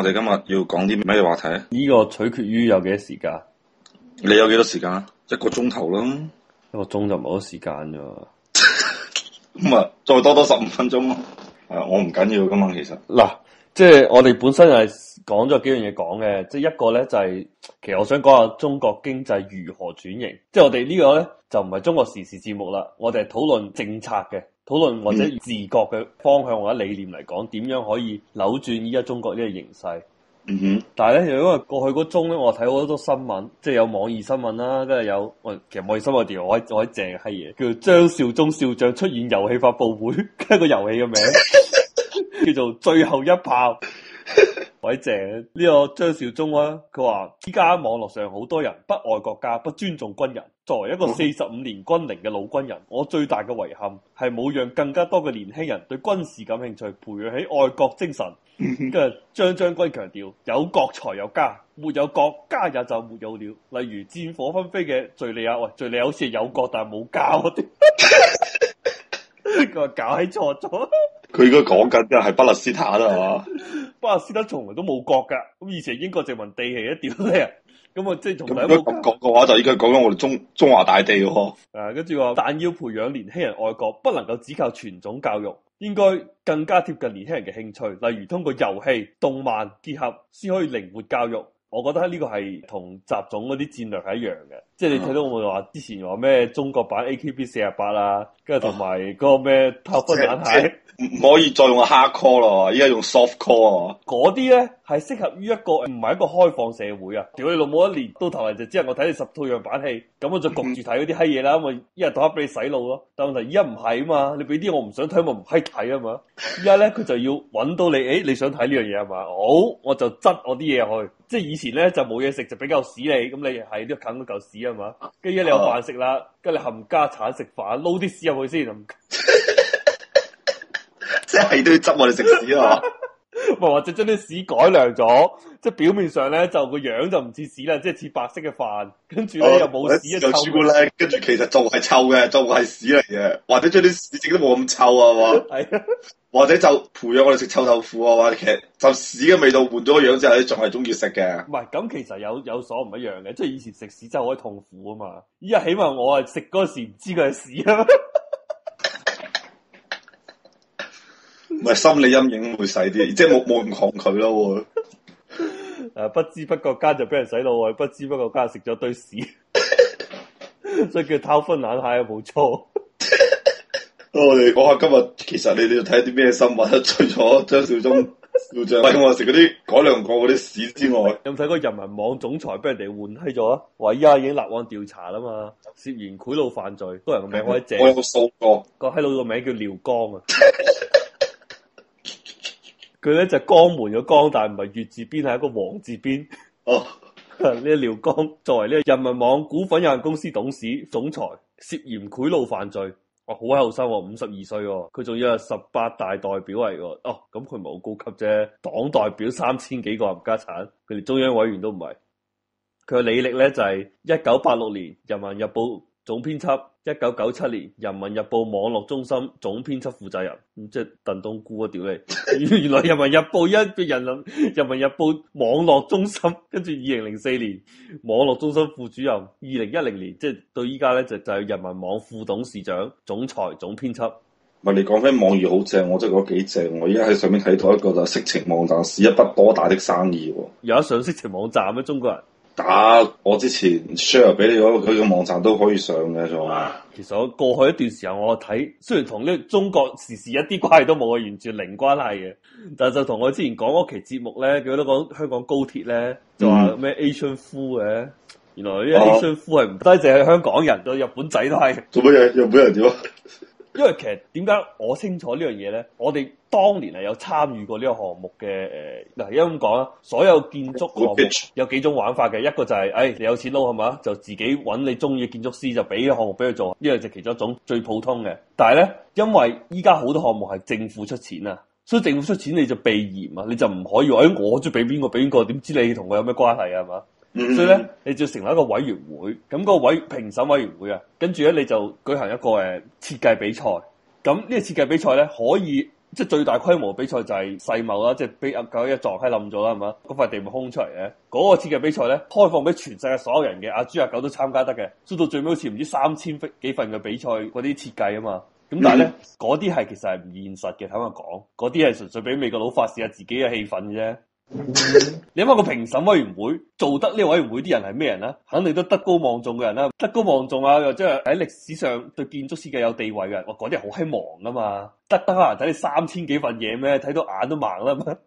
我哋今日要講啲咩話題？呢個取決於有幾多時間。你有幾多時間？一個鐘頭咯，一個鐘就冇多時間咗。咁啊，再多多十五分鐘。係啊，我唔緊要噶嘛，今其實嗱，即係我哋本身係講咗幾樣嘢講嘅，即係一個咧就係、是，其實我想講下中國經濟如何轉型。即係我哋呢個咧就唔係中國時事節目啦，我哋係討論政策嘅。討論或者自覺嘅方向或者理念嚟講，點樣可以扭轉依家中國呢個形勢？嗯哼、mm，hmm. 但係咧，又因為過去嗰中咧，我睇好多新聞，即係有網易新聞啦、啊，即係有喂，其實網易新聞我睇我睇正係嘢，叫做張召忠少將出現遊戲發布會，一、這個遊戲嘅名 叫做《最後一炮》。我睇正呢、這個張召忠啊，佢話依家網絡上好多人不愛國家，不尊重軍人。作為一個四十五年軍齡嘅老軍人，我最大嘅遺憾係冇讓更加多嘅年輕人對軍事感興趣，培養起愛國精神。跟住張將軍強調：有國才有家，沒有國家也就沒有了。例如戰火紛飛嘅敘利亞，喂，敘利亞好似有國但係冇家，呢個 搞起錯咗。佢應該講緊嘅係巴勒斯坦啦，係嘛？巴勒斯坦從來都冇國噶，咁以前英國殖民地係一點呢？咁啊，即係從頭嚟講嘅話，就應該講緊我哋中中華大地咯。誒，跟住話，但要培養年輕人愛國，不能夠只靠傳統教育，應該更加貼近年輕人嘅興趣，例如通過遊戲、動漫結合，先可以靈活教育。我覺得呢個係同習總嗰啲戰略係一樣嘅。即係你睇到我話之前話咩中國版 A K B 四十八啊，跟住同埋嗰個咩套樣板戲，唔 可以再用 hard core 咯，依家用 soft core 啊。嗰啲咧係適合於一個唔係一個開放社會啊。屌你老母一年到頭嚟就只係我睇你十套樣板戲，咁我就焗住睇嗰啲閪嘢啦。咁啊，一日到黑俾你洗腦咯。但問題依家唔係啊嘛，你俾啲我唔想睇，我唔閪睇啊嘛。依家咧佢就要揾到你，誒、欸、你想睇呢樣嘢啊嘛。好、oh，我就執我啲嘢去。即係以前咧就冇嘢食就俾嚿屎你，咁你係都啃到嚿屎啊。欸係嘛？跟住你有飯食啦，跟住你冚家鏟食飯，撈啲屎入去先，即係都要執我哋食屎啦、啊。或者將啲屎改良咗，即係表面上咧就個樣就唔似屎啦，即係似白色嘅飯，跟住咧又冇屎一臭。有朱古力，跟住其實仲係臭嘅，仲係屎嚟嘅。或者將啲屎整都冇咁臭啊，嘛。係。或者就培養我哋食臭豆腐啊，嘛其實就屎嘅味道換咗個樣之後，你仲係中意食嘅。唔係，咁其實有有所唔一樣嘅，即係以前食屎真係可以痛苦啊嘛。而家起碼我係食嗰時唔知佢係屎啦。唔係心理陰影會細啲，即係冇冇咁抗拒咯。誒，不知不覺間就俾人洗腦，不知不覺間食咗堆屎，所以叫偷分懶蟹 」。又冇錯。我哋講下今日，其實你哋你睇啲咩新聞？除咗張少忠要着鬼我食嗰啲改良過嗰啲屎之外，有冇睇過人民網總裁俾人哋換閪咗啊？而家已經立案調查啦嘛，涉嫌賄賂犯罪，多人個名可以借。我有冇掃過個閪佬個名叫廖光啊？ 佢咧就是，江門嘅江，但係唔係月字邊，係一個王字邊。哦、 啊，呢、這個、廖江作為呢個人民網股份有限公司董事總裁，涉嫌賄賂犯罪。啊、哦，好後生喎，五十二歲喎，佢仲要係十八大代表嚟喎。哦、啊，咁佢唔係好高級啫，黨代表三千幾個冚家鏟，佢哋中央委員都唔係。佢嘅履歷咧就係一九八六年人民日報。總編輯，一九九七年《人民日報》網絡中心總編輯負責人，即係鄧東姑啊屌你！原來《人民日報》一一嘅人諗，《人民日報》網絡中心，跟住二零零四年網絡中心副主任，二零一零年即係到依家咧就就是、係人民網副董事長、總裁總編輯、總編輯。唔係你講翻網頁好正，我真係覺得幾正。我依家喺上面睇到一個就色情網站，是一筆多大的生意喎？有得上色情網站咩？中國人？打、啊，我之前 share 俾你嗰佢嘅網站都可以上嘅，就係、啊。其實我過去一段時候我睇雖然同呢中國時事一啲關係都冇，完全零關係嘅，但就就同我之前講嗰期節目咧，佢都講香港高鐵咧，就話咩 Asian 富嘅，原來呢 Asian 富係唔單隻係香港人，對日本仔都係。做乜嘢？日本人點啊？ 因為其實點解我清楚呢樣嘢咧？我哋當年係有參與過呢個項目嘅。誒、呃，嗱，因為咁講啦，所有建築項目有幾種玩法嘅。一個就係、是，誒、哎，你有錢撈係嘛？就自己搵你中意嘅建築師就俾個項目俾佢做，呢、這、樣、個、就其中一種最普通嘅。但係咧，因為依家好多項目係政府出錢啊，所以政府出錢你就避嫌啊，你就唔可以話誒、哎，我即係俾邊個俾邊個，點知你同佢有咩關係啊？係嘛？所以咧，你就成立一個委員會，咁個委評審委員會啊，跟住咧你就舉行一個誒設計比賽，咁呢個設計比賽咧可以即係最大規模比賽就係世貿啦，即係俾阿九一撞喺冧咗啦，係嘛？嗰塊地咪空出嚟嘅。嗰個設計比賽咧開放俾全世界所有人嘅，阿朱阿九都參加得嘅，出到最尾好似唔知三千幾份嘅比賽嗰啲設計啊嘛，咁但係咧嗰啲係其實係唔現實嘅，坦白講，嗰啲係純粹俾美國佬發洩下自己嘅氣憤啫。 你諗下個評審委員會做得呢？委員會啲人係咩人啊？肯定都德高望重嘅人啦、啊，德高望重啊，又即係喺歷史上對建築設計有地位嘅人。哇，嗰啲人好忙啊嘛，得得啊，睇你三千幾份嘢咩？睇到眼都盲啦。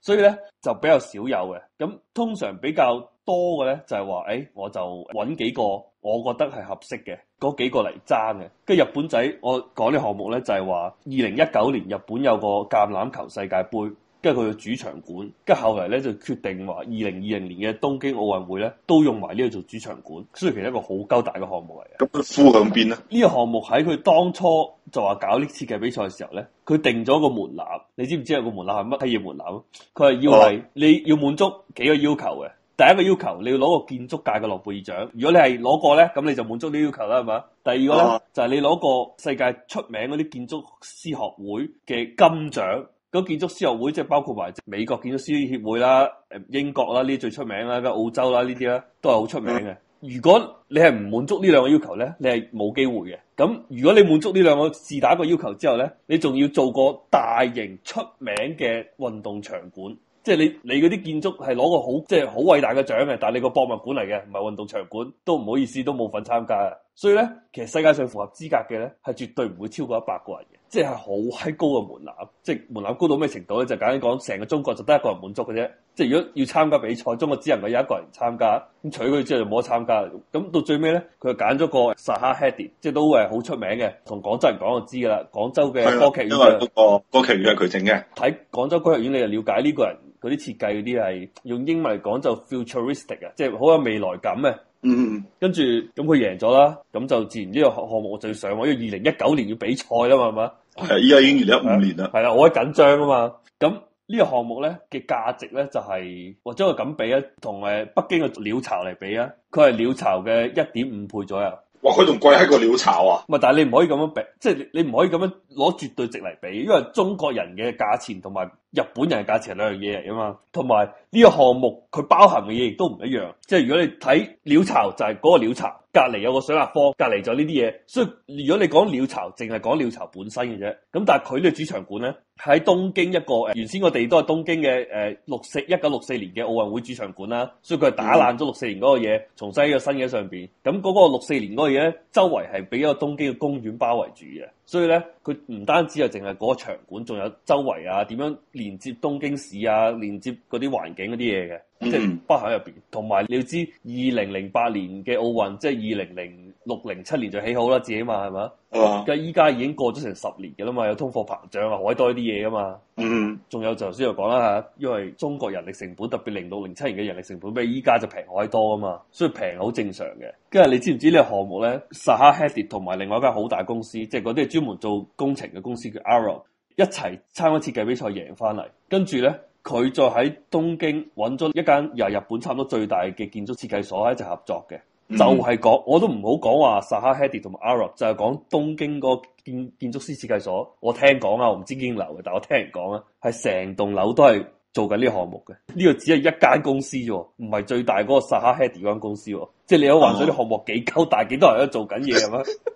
所以咧就比較少有嘅。咁通常比較多嘅咧就係話誒，我就揾幾個我覺得係合適嘅嗰幾個嚟爭嘅。跟日本仔，我講啲項目咧就係、是、話，二零一九年日本有個橄欖球世界杯。跟住佢嘅主場館，跟住後嚟咧就決定話，二零二零年嘅東京奧運會咧都用埋呢個做主場館，所以其實一個好鳩大嘅項目嚟嘅。咁呼向邊咧？呢個項目喺佢當初就話搞呢次嘅比賽嘅時候咧，佢定咗個門檻，你知唔知有個門檻係乜嘢門檻？佢係要你你要滿足幾個要求嘅。第一個要求你要攞個建築界嘅諾貝爾獎，如果你係攞過咧，咁你就滿足呢要求啦，係嘛？第二個咧、oh. 就係你攞個世界出名嗰啲建築師學會嘅金獎。嗰建築師學會即係包括埋美國建築師協會啦、英國啦呢啲最出名啦、澳洲啦呢啲啦，都係好出名嘅。如果你係唔滿足呢兩個要求咧，你係冇機會嘅。咁如果你滿足呢兩個自打一個要求之後咧，你仲要做個大型出名嘅運動場館，即係你你嗰啲建築係攞個好即係好偉大嘅獎嘅，但係你個博物館嚟嘅，唔係運動場館，都唔好意思，都冇份參加。所以咧，其實世界上符合資格嘅咧，係絕對唔會超過一百個人嘅，即係好閪高嘅門檻，即係門檻高到咩程度咧？就簡單講，成個中國就得一個人滿足嘅啫。即係如果要參加比賽，中國只能夠有一個人參加，咁取佢之後就冇得參加。咁到最尾咧，佢就揀咗個 Zaha Hadid，即係都係好出名嘅。同廣州人講就知噶啦，廣州嘅歌劇院，因個歌劇院係佢整嘅。睇廣州歌劇院，你就了解呢個人嗰啲設計嗰啲係用英文嚟講就 futuristic 啊，即係好有未來感嘅。嗯、嗯，跟住咁佢贏咗啦，咁就自然呢個項項目我就要上喎，因為二零一九年要比賽啦嘛，係嘛？係依家已經二零一五年啦，係啦，我喺緊張啊嘛。咁呢個項目咧嘅價值咧就係、是，或者我咁比啊，同誒北京嘅鳥巢嚟比啊，佢係鳥巢嘅一點五倍左右。哇，佢仲貴喺個鳥巢啊？係，但係你唔可以咁樣比，即係你唔可以咁樣攞絕對值嚟比，因為中國人嘅價錢同埋。日本人嘅價錢係兩樣嘢嚟㗎嘛，同埋呢個項目佢包含嘅嘢亦都唔一樣。即係如果你睇鳥巢就係嗰個鳥巢，隔離有個水立方，隔離就呢啲嘢。所以如果你講鳥巢，淨係講鳥巢本身嘅啫。咁但係佢呢個主場館咧，喺東京一個誒、呃，原先我哋都係東京嘅誒六四一九六四年嘅奧運會主場館啦。所以佢係打爛咗六四年嗰個嘢，重新喺個新嘅上邊。咁嗰個六四年嗰個嘢咧，周圍係俾一個東京嘅公園包圍住嘅。所以咧，佢唔單止係淨係個場館，仲有周圍啊，點樣連接東京市啊，連接嗰啲環境嗰啲嘢嘅，嗯、即係包含入邊，同埋你要知，二零零八年嘅奧運，即係二零零。六零七年就起好啦，自己嘛，係嘛。咁依家已經過咗成十年嘅啦嘛，有通貨膨脹啊，海多啲嘢噶嘛，嗯，仲有頭先又講啦嚇，因為中國人力成本特別，零六零七年嘅人力成本比依家就平好多啊嘛，所以平好正常嘅。跟住你知唔知呢個項目咧，Zaha Hadid 同埋另外一間好大公司，即係嗰啲係專門做工程嘅公司叫 Arrow，一齊參加設計比賽贏翻嚟，跟住咧，佢再喺東京揾咗一間由日本差唔多最大嘅建築設計所喺一齊合作嘅。 就係講，我都唔好講話薩哈·哈迪同埋 Arup 就係講東京嗰個建建築師設計所。我聽講啊，我唔知幾樓嘅，但我聽人講啊，係成棟樓都係做緊呢個項目嘅。呢、這個只係一間公司啫，唔係最大嗰個薩哈·哈迪嗰間公司喎。即係你有幻想啲項目幾鳩大，幾多人喺度做緊嘢咁樣。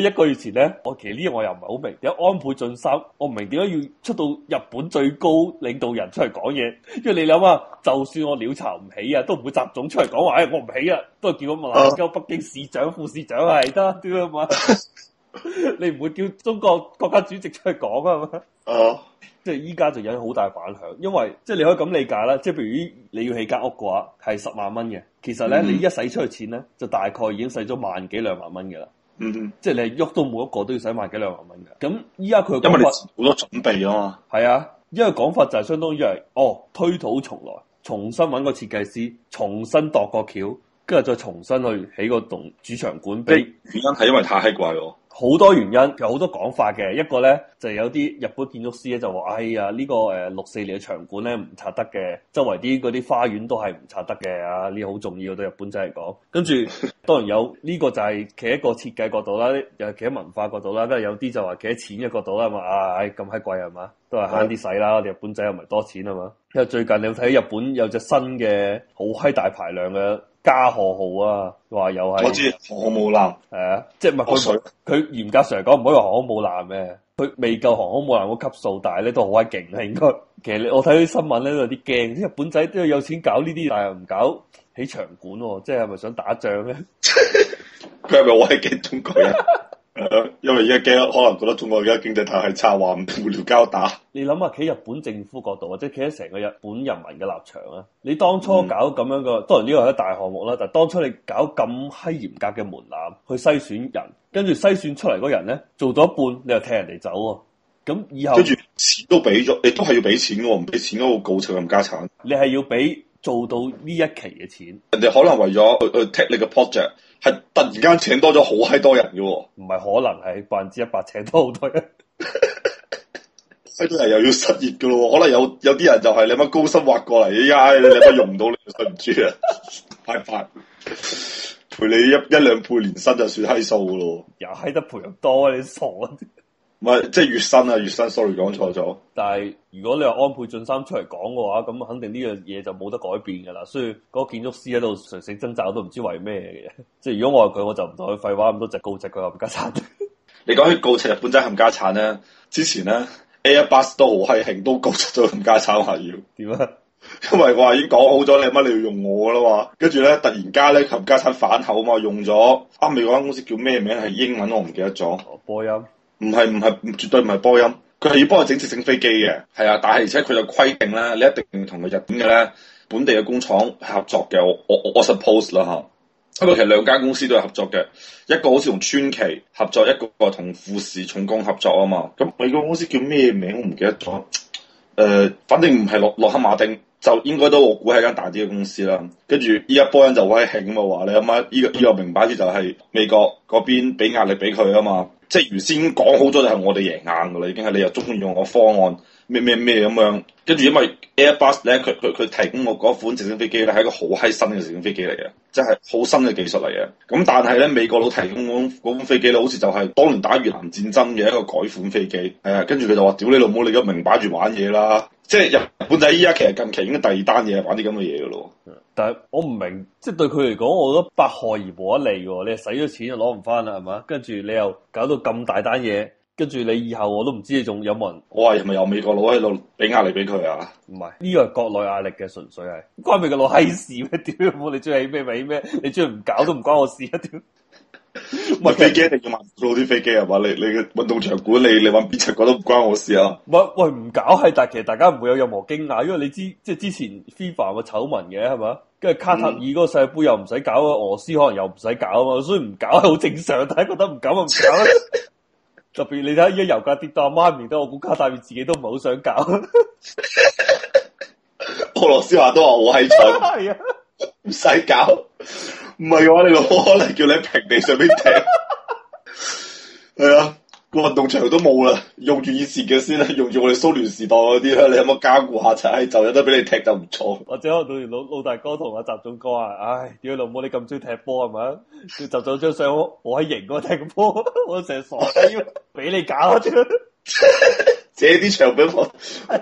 一個月前咧，我其實呢個我又唔係好明，有安倍晉三，我唔明點解要出到日本最高領導人出嚟講嘢，因為你諗下，就算我鳥巢唔起啊，都唔會習總出嚟講話，我唔起啊，都係叫我問夠北京市長、副市長係得啲啊嘛， 你唔會叫中國國家主席出去講啊嘛？哦，即係依家就引起好大反響，因為即係你可以咁理解啦，即係譬如你要起間屋嘅話係十萬蚊嘅，其實咧你一使出去錢咧，就大概已經使咗萬幾兩萬蚊嘅啦。嗯，mm hmm. 即係你喐都冇一個都要使萬幾兩萬蚊嘅，咁依家佢因為好多準備啊嘛，係啊，因為講法就係相當於係，哦，推土重來，重新揾個設計師，重新度個橋，跟住再重新去起個棟主場館，即係原因係因為太奇怪咯。好多原因，有好多講法嘅。一個咧就係、是、有啲日本建築師咧就話：哎呀，這個呃、呢個誒六四年嘅場館咧唔拆得嘅，周圍啲嗰啲花園都係唔拆得嘅。啊，呢好重要對日本仔嚟講。跟住當然有呢、這個就係企喺一個設計角度啦，又企喺文化角度、角度、哎、啦，都係有啲就話企喺錢嘅角度啦嘛。啊，咁閪貴係嘛，都係慳啲使啦。日本仔又唔係多錢係嘛。因為最近你睇日本有隻新嘅好閪大排量嘅。加賀號啊，話又係我知航空母艦，係、嗯、啊，嗯、即係唔係？佢佢嚴格上嚟講唔可以話航空母艦咩？佢未夠航空母艦個級數，但係咧都好鬼勁啦。應該其實我睇啲新聞咧都有啲驚，啲日本仔都有錢搞呢啲，但係唔搞起場館、哦，即係係咪想打仗咧？佢係咪好鬼勁中國人？ 因為而家驚，可能覺得中國而家經濟太係差，話唔定會交打。你諗下，企日本政府角度或者企喺成個日本人民嘅立場啊。你當初搞咁樣嘅，嗯，當然呢個係一大項目啦。但當初你搞咁閪嚴格嘅門檻去篩選人，跟住篩選出嚟嗰人咧，做到一半你又踢人哋走喎。咁以後跟住錢都俾咗，你都係要俾錢嘅，唔俾錢嗰個告侵人家產。你係要俾做到呢一期嘅錢。人哋可能為咗去去踢你嘅 project。係突然間請多咗好閪多人嘅。哦，唔係可能係百分之一百請多好多人，啲 人又要失業噶咯。可能有有啲人就係、是、你乜高薪挖過嚟，唉、哎，你們們你乜用唔到，你對唔住啊？快快賠你一一兩倍年薪就算閪數咯，又閪得賠咁多，你傻啊！即係月薪啊，月薪。sorry，講錯咗。但係如果你話安倍晉三出嚟講嘅話，咁肯定呢樣嘢就冇得改變嘅啦。所以嗰個建築師喺度垂死掙扎，都唔知為咩嘅。即係如果我係佢，我就唔同佢廢話咁多，直告斥佢冚家產。你講起告斥日本仔冚家產咧，之前咧 Airbus 都好閪興，都告斥咗冚家產話要點啊？因為我話已經講好咗你乜你要用我啦嘛，跟住咧突然間咧冚家產反口嘛，用咗啱未嗰間公司叫咩名？係英文我唔記得咗。播音。唔係唔係，絕對唔係波音，佢係要幫佢整直升飛機嘅，係啊，但係而且佢有規定咧，你一定要同佢日本嘅咧本地嘅工廠合作嘅，我我我 suppose 啦吓，不、啊、為其實兩間公司都係合作嘅，一個好似同川崎合作，一個同富士重工合作啊嘛，咁美國公司叫咩名我唔記得咗，誒、呃，反正唔係洛洛克馬丁，就應該都我估係間大啲嘅公司啦，跟住依家波音就威興啊話你諗下依個依、依個明擺住就係美國嗰邊俾壓力俾佢啊嘛。即係原先講好咗就係我哋贏硬噶啦，已經係你又中意用我方案咩咩咩咁樣，跟住因為 Airbus 咧，佢佢佢提供我嗰款直升飛機咧，係一個好閪新嘅直升飛機嚟嘅，真係好新嘅技術嚟嘅。咁但係咧，美國佬提供嗰款飛機咧，好似就係當年打越南戰爭嘅一個改款飛機。誒、嗯，跟住佢就話：屌你老母，你而家明擺住玩嘢啦！即係日本仔依家，其實近期應該第二單嘢玩啲咁嘅嘢噶咯，但係我唔明，即係對佢嚟講，我覺得百害而無一利嘅，你使咗錢就攞唔翻啦，係嘛？跟住你又搞到咁大單嘢，跟住你以後我都唔知你仲有冇人。我話係咪有美國佬喺度俾壓力俾佢啊？唔係呢個係國內壓力嘅，純粹係關美國佬閪事咩？屌 你中意起咩咪起咩，你中意唔搞都唔關我事一屌。 唔係飛，飛機，一定要買老啲飛機係嘛？你你嘅運動場管理，你揾邊層覺得唔關我事啊？喂喂，唔搞係，但係其實大家唔會有任何驚訝，因為你知即係之前 FIFA 嘅醜聞嘅係嘛？跟住卡塔爾嗰個世杯又唔使搞啊，俄羅斯可能又唔使搞啊，嘛，所以唔搞係好正常。大家覺得唔搞啊，唔搞。搞 特別你睇依家油價跌到阿媽面都，我估卡塔爾自己都唔係好想搞。 俄羅斯話都話好閪蠢，唔使 搞。唔係嘅話，你老婆可能叫你喺平地上邊踢，係啊、 哎，運動場都冇啦，用住以前嘅先啦，用住我哋蘇聯時代嗰啲啦，你有冇加固下齊？就有、是哎、得俾你踢就唔錯。或者可能老老大哥同阿習總哥啊，唉、哎，屌老母你咁中意踢波係咪？習總張相我喺型個踢波，我成日傻嘅，俾你搞添， 借啲場俾我，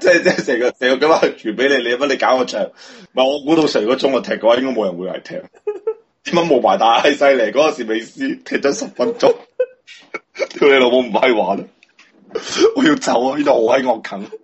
即係即係成個成個咁啊，傳俾你，你有乜你搞我場？唔係我估到成個中學踢嘅話，應該冇人會嚟踢。點解冇埋大犀利？嗰、陣時美斯，踢咗十分鐘，叫 你老母唔批玩啦！我要走啊！呢度好喺我近。